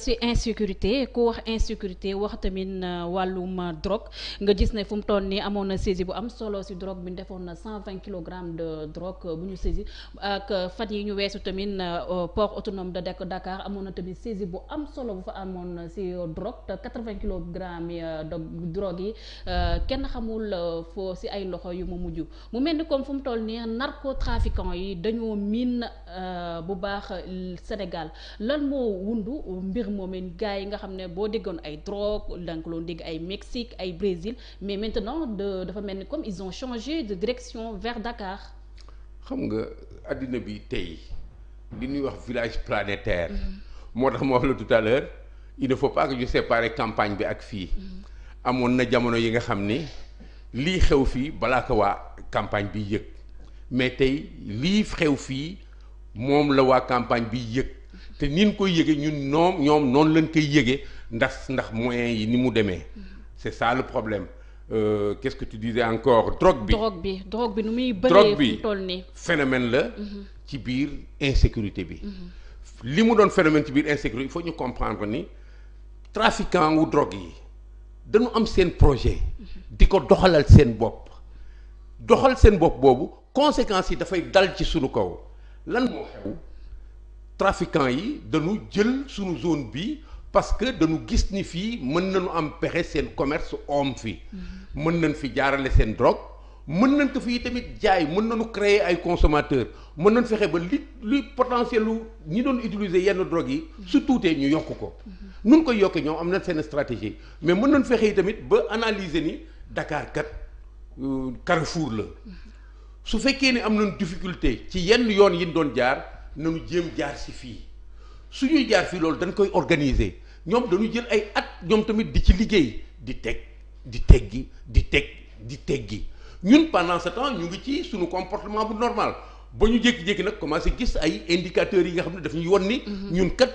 si insécurité ku wax insécurité wax tamit euh, wàllum euh, drogue nga gis ne fu mu toll nii amoon na saisie bu am solo si drogue bi defoon na cent vingt kilogrammes de drogue euh, bu ñu saisie ak fan yi ñu weesu tamit port autonome de Dakar amoon na tamit saisie bu am solo bu fa amoon si drogue te quatre vingt kilogrammes yi de drogue yi kenn xamul foo si ay loxo yu mu mujj mu mel ni comme fu mu toll nii narcotrafiquant yi dañoo miin bu baax Sénégal lan moo wundu mbir mbër moomeen gars yi nga xam ne boo déggoon ay drogue donc loolu dégg ay Mexique ay Brésil mais maintenant de dafa mel ni comme ils ont changé de direction vers Dakar. xam nga àddina bi tey li ñuy wax village planétaire. Mhm. moo tax ma wax la tout à l'heure il ne campagne bi ak fii. Mhm. amoon na jamono yi nga xam ne lii xew fii balaa ko waa campagne bi yëg mais tey lii xew fii moom la waa campagne bi yëg. te nin koy yëgee ñun ñoom ñoom noonu lañ koy yëgee ndax ndax moyen yi ni mu demee mm-hmm. c'est ça le problème euh, quest que tu disais encore drogue bi drogue bi drogue bi nu muy bëree fu nii phénomène la mm-hmm. ci biir insécurité bi mm-hmm. li mu doon phénomène ci biir insécurité il faut ñu comprendre ni trafiquant wu drogue yi dañu am seen projet di ko doxalal seen bopp doxal seen bopp boobu conséquences yi dafay dal ci suñu kaw lan moo xew trafiquants yi dañu jël sunu zone bi parce que dañu gis ni fii mën nañu am pexe seen commerce om fii mm-hmm. mën nañ fi jaarale seen drogue mën nañ ko fii tamit jaay mën nañu créer ay consommateurs mën nañ fexe ba lit li potentiel lu ñi doon utiliser yenn drogue yi mm-hmm. su tuutee ñu yokk ko mm-hmm. nun koy yokkee ñoom am na seen stratégie mais mën nañ fexe tamit ba analyser ni Dakar kat euh, carrefour la su fekkee ni am nañ difficulté ci yenn yoon yi ñu doon nanu jéem jaar si fii suñuy jaar fii loolu dañ koy organiser ñoom dañu jël ay at ñoom tamit di ci liggéey di teg di teggi di teg di teggi ñun pendant ce temps ñu ngi ci suñu comportement bu normal ba ñu jékki-jékki nag commencé gis ay indicateurs yi nga xam ne daf ñuy won ni. Mhm. ñun kat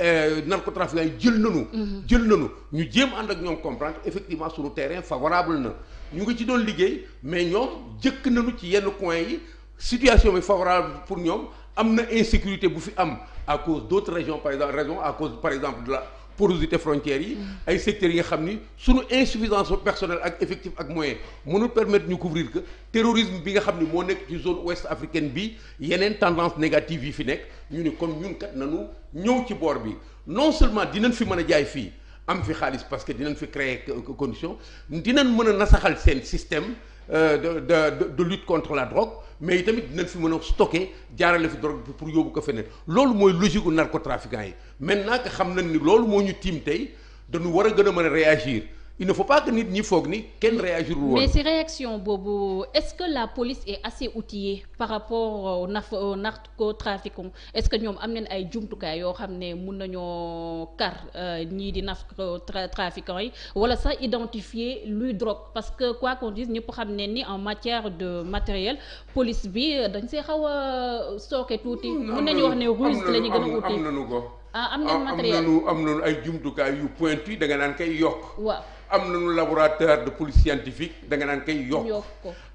euh, narcotrafiquants yi jël nañu. Mhm. jël nañu ñu jéem ànd ak ñoom comprendre effectivement suñu terrain favorable na ñu ngi ci doon liggéey mais ñoom jëkk nañu ci yenn coin yi situation bi favorable pour ñoom. am na insécurité bu fi am à cause d'autres régions par exemple raison à cause par exemple de la porosité frontière yi ay secteurs yi nga xam ni suñu insuffisance personnel ak effectif ak moyen mënul permettre ñu couvrir que terrorisme bi nga xam ni moo nekk ci zone ouest africaine bi yeneen tendance négative yi fi nekk ñu ni kon ñun kat nanu ñëw ci boor bi non seulement dinañ fi mën a jaay fii am fi xaalis parce que dinañ fi créer condition dinañ mën a nasaxal seen système Euh, de de de lutte contre la drogue mais itamit dinañ fi mën a stocké jaarale fi drogue bi pour yóbbu ko feneen loolu mooy logique ko narcotrafiquant yi maintenant que xam nañ ni loolu moo ñu tiim tey dañu war a gën a mën a réagir il ne faut nit ñi foog ni kenn réagir woon mais si réaction boobu est-ce que la police est assez outillée par rapport au naf au narcotrafiquant est-ce que ñoom am nañ ay jumtukaay yoo xam ne mun nañoo kar euh, ñii di narcotrafiquant yi wala sax identifier luy drogue parce que quoi ñëpp xam ne ni en matière de matériel police bi dañ see xaw a sooke tuuti mun nañu wax ne ruse la ñu gën a uti am nañu ko ah, am nañu ah, matériel am nañu am ay jumtukaay yu pointu yi da nga kay yokk waaw am nañu laboratoire de police scientifique da nga naan kay yokk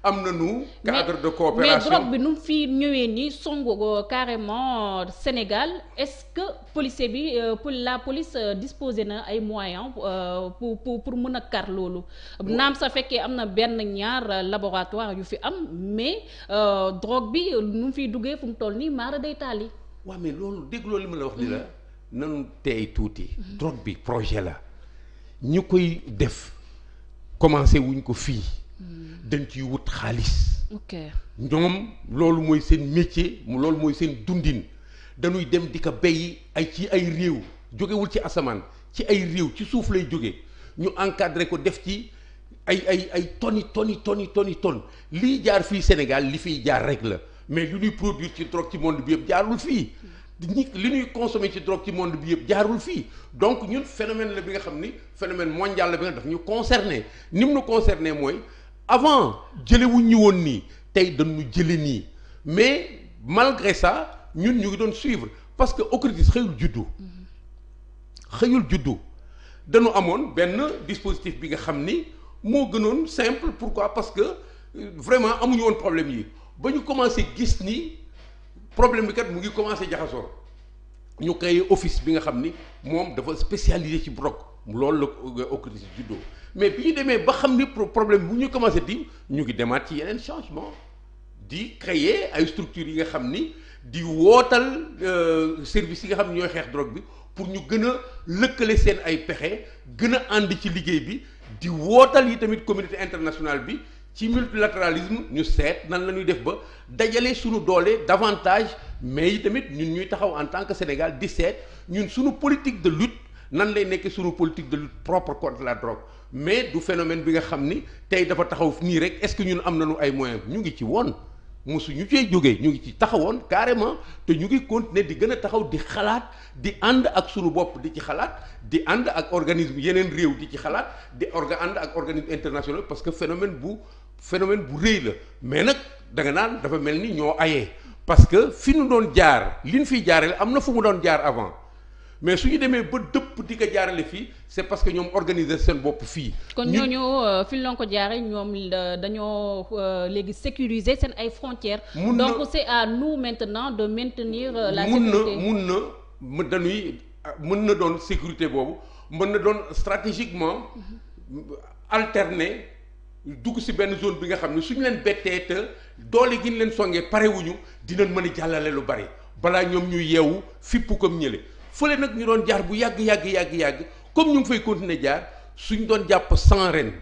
am nañu cadre de coopération mais drogue bi nu mu fi ñëwee nii songu ko carrément Sénégal est-ce que policier bi pour euh, la police euh, disposé na ay moyens euh, pour pour pour mën a kar loolu naam sa fekkee am na benn ñaar laboratoire yu fi am mais drogue bi nu mu fiy duggee fu mu toll nii maara day taali waaw mais loolu dégloo li ma la wax ni la mm-hmm. nanu tey tuuti mm-hmm. drogue bi projet la ñu koy def commencé wuñ ko fii hmm. dañ ciy wut xaalis. ok ñoom loolu mooy seen métier mu loolu mooy seen dundin dañuy dem di ko béy ay ci ay réew jógewul ci asamaan ci ay réew ci suuf lay jóge ñu encadré ko def ci ay ay ay toni toni toni toni ton lii jaar fii Sénégal li fiy jaar rek la mais lu ñuy produire ci drogue ci monde bi yëpp jaarul fii. ñi li ñuy consommer ci drogue ci monde bi yëpp jaarul fii donc ñun phénomène la bi nga xam ni phénomène mondial la bi nga daf ñu concerné ni mu nu concerné mooy avant jëlewuñ ñu woon nii tey dañu jële nii mais malgré ça ñun ñu ngi doon suivre parce que OCRTIS xëyul juddu xëyul juddu dañu amoon benn dispositif bi nga xam ni moo gënoon simple pourquoi parce que euh, vraiment amuñu woon problème yi ba ñu commencé gis nii problème bi kat mu ngi commencé jaxasoo ñu créé office bi nga xam ni moom dafa spécialisé ci brok loolu la OCRTIS juddoo mais bi ñu demee ba xam ni problème bu ñu commencé di ñu ngi demaat ci yeneen changement di créer ay structures yi nga xam ni di wootal euh, service yi nga xam ni ñooy xeex drogue bi pour ñu gën a lëkkale seen ay pexe gën a ànd ci liggéey bi di wootal yi tamit communauté internationale bi ci multilatéralisme ñu seet nan la ñuy def ba dajale suñu doolee davantage mais yi tamit ñun ñuy taxaw en tant que Sénégal di seet ñun suñu politique de lutte nan lay nekkee suñu politique de lutte propre contre la drogue mais du phénomène bi nga xam ni tey dafa taxaw nii rek est-ce que ñun am nañu ay moyens ñu ngi ci woon mu su ñu cee jógee ñu ngi ci taxawoon carrément te ñu ngi continuer di gën a taxaw di xalaat di ànd ak suñu bopp di ci xalaat di ànd ak organisme yeneen réew di ci xalaat di orga ànd ak organisme international parce que phénomène bu phénomène bu rëy la mais nag danga nga naan dafa mel ni ñoo ayee parce que fi ñu doon jaar li ñu fiy jaarale am na fu mu doon jaar avant mais su ñu demee ba dëpp di ko jaarale fii c'est parce que ñoom organiser seen bopp fii. kon ñooñu euh, fi ñu doon ko jaaree ñoom euh, dañoo euh, léegi sécuriser seen ay frontières. mun na donc c'est à nous maintenant de maintenir. la sécurité na mun na dañuy mën na doon sécurité boobu mën na doon stratégiquement mhm. alterner. dugg si benn zone bi nga xam ne suñu leen bettee te doole gi ñu leen songee parewuñu dinañ mën a jàllale lu bari balaa ñoom ñu yeewu fippu comme ñële fële nag ñu doon jaar bu yàgg yàgg yàgg yàgg comme ñu ngi fay continuer jaar suñ doon jàpp cent ren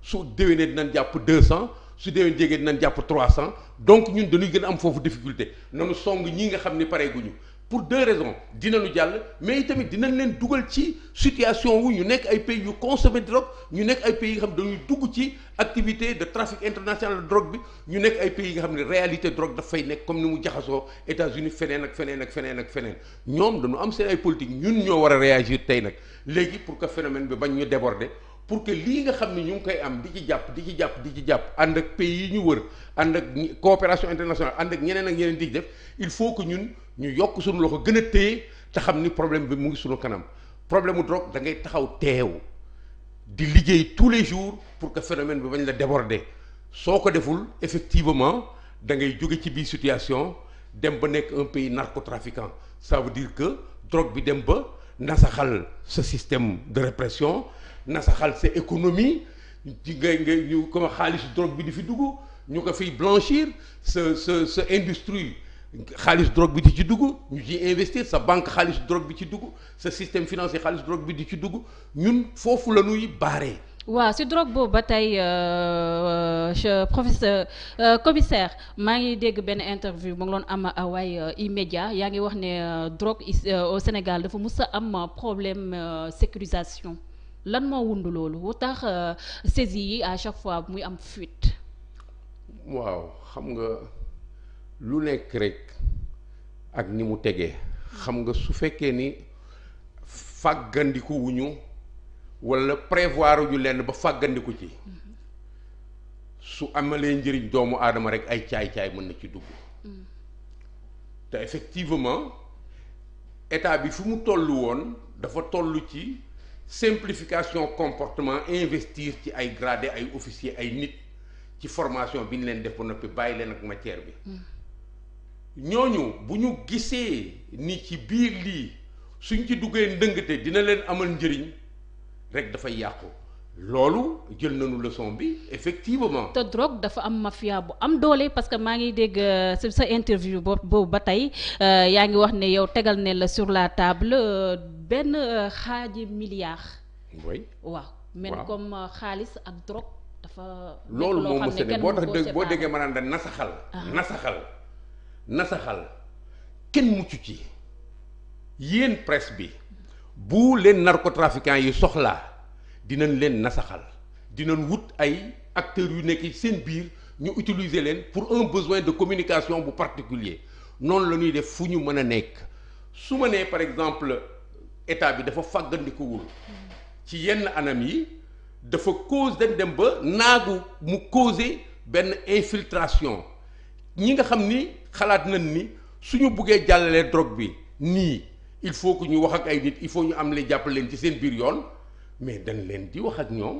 su déwénee dinañ jàpp deux cent su déwén jégee dinañ jàpp trois cent donc ñun dañuy gën a am foofu difficulté nanu song ñi nga xam ne pareeguñu pour deux raisons dinañu jàll mais tamit dinañ leen dugal ci situation wu ñu nekk ay pays yu consommer drogue ñu nekk ay pays yi nga xam dañuy dugg ci activité de trafic international de bi ñu nekk ay pays yi nga xam ne réalité drogue dafay nekk comme ni mu jaxasoo États-Unis feneen ak feneen ak feneen ak feneen ñoom dañu am seen ay politique ñun ñoo war a réagir tey nag léegi pour que phénomène bi bañ ñu déborder pour que lii nga xam ne ñu ngi koy am di ci jàpp di ci jàpp di ci jàpp ànd ak pays yi ñu wër ànd ak coopération internationale ànd ak ñeneen ak ñeneen di def il faut que ñun ñu yokk suñu loxo gën a téye te xam ni problème bi mu ngi suñu kanam problème mu drogue dangay taxaw teew di liggéey tous les jours pour que phénomène bi bañ la déborder soo ko deful effectivement da ngay jóge ci biir situation dem ba nekk un pays narcotrafiquant ça veut dire que drogue bi dem ba nasaxal ce système de répression nasaxal sa économie ci ngay nga ñu comme xaalisu drogue bi di fi dugg ñu ko fiy blanchir sa sa sa industrie xaalis drogue bi di ci dugg ñu ciy sa banque xaalis drogue bi ci dugg sa système financier xaalis drogue bi di ci dugg ñun foofu la ñuy baaree. waaw si drogue boobu ba tey euh, euh, professeur euh, commissaire maa ngi dégg benn interview mu ngi doon am waay immédiat yaa ngi wax ne drogue au Sénégal dafa mus a am problème sécurisation. lan moo wund loolu wu tax euh, saisi yi à chaque fois muy am fuite waaw xam nga lu nekk rek ak ni mu tegee xam nga su fekkee ni fàggandiku wuñu walla prévoir ñu lenn ba fàggandiku ci su amalee njëriñ doomu aadama rek ay caay-caay mën na ci dugg te effectivement état bi fu mu tollu woon dafa tollu ci simplification comportement investir ci ay gradé ay officier ay nit ci formation bi ñu leen def ba noppi bàyyi leen ak matière bi ñooñu bu ñu gisee ni ci biir lii suñ ci duggee ndëngte dina leen amal njëriñ rek dafay yàqu loolu jël nañu leçon bi effectivement. te drogue dafa am mafia bu am doole parce que maa ngi dégg euh, sa interview boobu ba tey euh, yaa ngi wax ne yow tegal ne la sur la table euh, benn xaaji milliard. oui waaw mel comme xaalis ak drogue dafa. loolu moom mos a boo tax dégg boo déggee ma da nasaxal. Ah. nasaxal nasaxal kenn mucc ci yéen presse bi bu leen narcotrafiquants yi soxlaa. dinañ leen nasaxal dinañ wut ay acteurs yu nekk seen biir ñu utiliser leen pour un besoin de communication bu particulier noonu la ñuy def fu ñu mën a nekk su ma nee par exemple état bi dafa fàggandikuwul ci yenn anam yi dafa cause dañ dem ba naagu mu causer benn infiltration ñi nga xam ni xalaat nañ ni suñu buggee jàllalee drogue bi nii il faut que ñu wax ak ay nit il faut ñu am leen jàppale leen ci seen biir yoon mais dañ leen di wax ak ñoom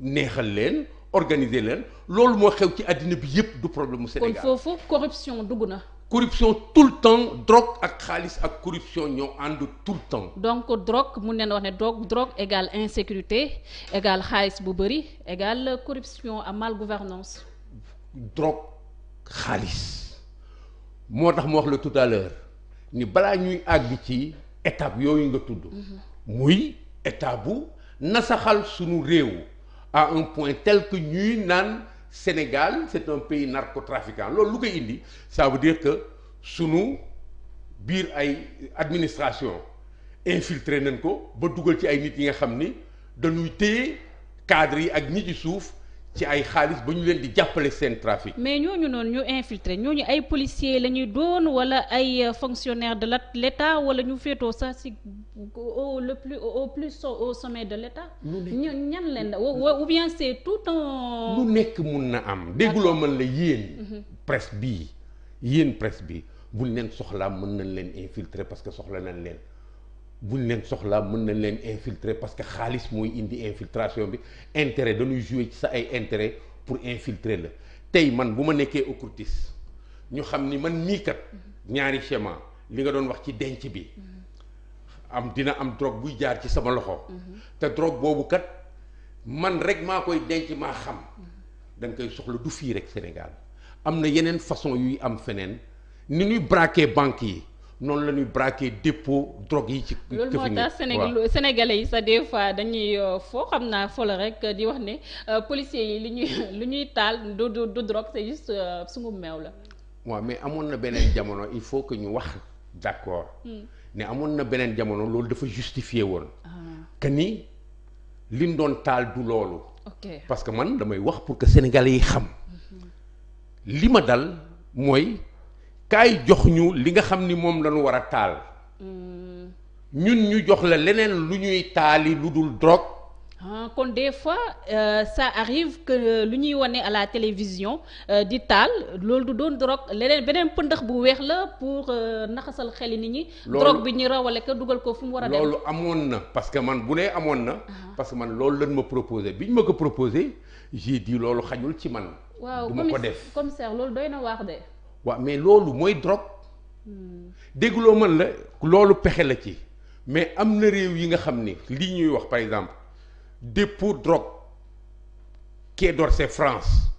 neexal leen organiser leen loolu moo xew ci àddina bi yépp du problème mu Sénégal kon foofu corruption dugg na. corruption tout le temps drogue ak xaalis ak corruption ñoo ànd tout le temps. donc drogue mun neen wax ne drogue drogue égale insécurité égale xaalis bu bëri égale corruption ak mal gouvernance drogue xaalis moo tax mu wax la tout à l'heure ni balaa ñuy àgg ci étape yooyu nga tudd. Mhm. muy état bu nasaxal suñu réew à un point tel que ñuy naan Sénégal c'est un pays narcotrafiquant loolu lu koy indi ça veut dire que suñu biir ay administration infiltré nañ ko ba dugal ci ay nit yi nga xam ni dañuy téye cadres yi ak ñi ci suuf ci ay xaalis ba ñu leen di jàppale seen trafic. mais ñooñu noonu ñu infiltré ñooñu ay policiers la ñuy doon wala ay euh, fonctionnaires de l'État wala ñu féetoo sax si au le plus au plus au sommet de l'État. ñu ñan leen la ou bien c'est tout un. lu nekk mun na am dégguloo mën la yéen. Mm-hmm. presse bii yéen presse bi buñ leen soxlaa mën nañ leen infiltrer parce que soxla nañ leen. buñ leen soxlaa mën nañ leen infiltrer parce que xaalis mooy indi infiltration bi intérêt dañuy jouer ci sa ay intérêt pour infiltrer la tey man bu ma nekkee occultiste ñu xam ni man nii kat ñaari schéma li nga doon wax ci denc bi am dina am drogue buy jaar ci sama loxo te drogue boobu kat man rek maa koy denc maa xam da koy soxla du fii rek Sénégal am na yeneen façon yuy am feneen ni ñuy braquer banque yi noonu la ñuy braqué dépôt drogue yi ci. loolu moo tax sénégalais yi sax des fois dañuy euh, foo xam naa fo rek di wax ne euh, policiers yi li ñuy lu ñuy taal du du du drogue c'est juste euh, meew la. waaw mais amoon na beneen jamono il faut que ñu wax d'accord. Hmm. ne amoon na beneen jamono loolu dafa justifié woon. Ah. que ni liñ doon taal du loolu. parce que man damay wax pour que sénégalais yi xam. Mhm. li ma dal mooy. kaay jox ñu li nga xam ni moom lañu war a taal ñun ñu jox la leneen lu ñuy taali lu dul drogue ah, kon des fois euh, ça arrive que lu ñuy wane à la télévision euh, di taal loolu du doon drogue leneen beneen pëndax bu weex la pour euh, naxasal xel yi nit ñi. drogue bi ñu rawale ko dugal ko fu mu war a dem. loolu amoon na parce que man bu nee amoon na. Ah. parce que man loolu lañ ma proposé bi ñu ma ko proposé j'ai yi loolu xajul ci man. waaw commissaire loolu doy na waax de. waaw mais loolu mooy drogue dégloo man la loolu pexe la ci mais am na réew yi nga xam ni lii ñuy wax par exemple dépôt drogue Quai d'Orsay France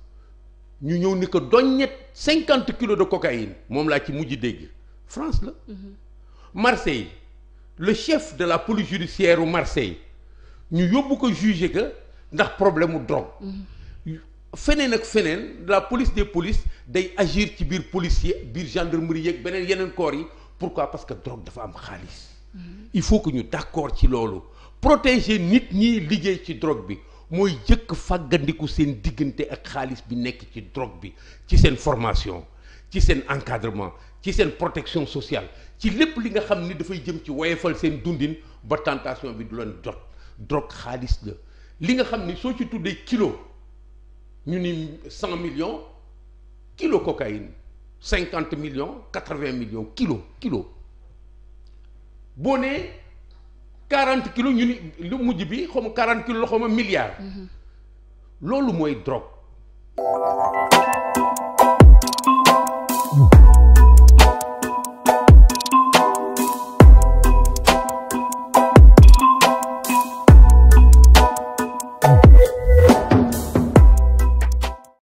ñu ñëw ni ko doññet cinquante kilos de cocaïne moom laa ci mujj dégg France la mm-hmm. Marseille le chef de la police judiciaire u Marseille ñu yóbbu ko juger que ndax problème mu drogue mm-hmm. feneen ak feneen la police des polices day agir ci biir policier biir gendre gendarmerie yeeg beneen yeneen corps yi pourquoi parce que drogue dafa am xaalis. Mm-hmm. il faut que ñu d'accord ci loolu protéger nit ñi liggéey ci drogue bi mooy jëkk fàggandiku seen diggante ak xaalis bi nekk ci drogue bi ci seen formation ci seen encadrement ci seen protection sociale ci lépp li nga xam ni dafay jëm ci woyefal seen dundin ba tantation bi du leen jot drogue xaalis la li nga xam ni soo ci tuddee kilo. ñu ni cent millions kilo cocaïne cinquante kilo kilo boo nee quarante kilo ñu ni lu mujj bi xaw ma quarante la xaw ma milliards. Mm-hmm. loolu mooy drogue.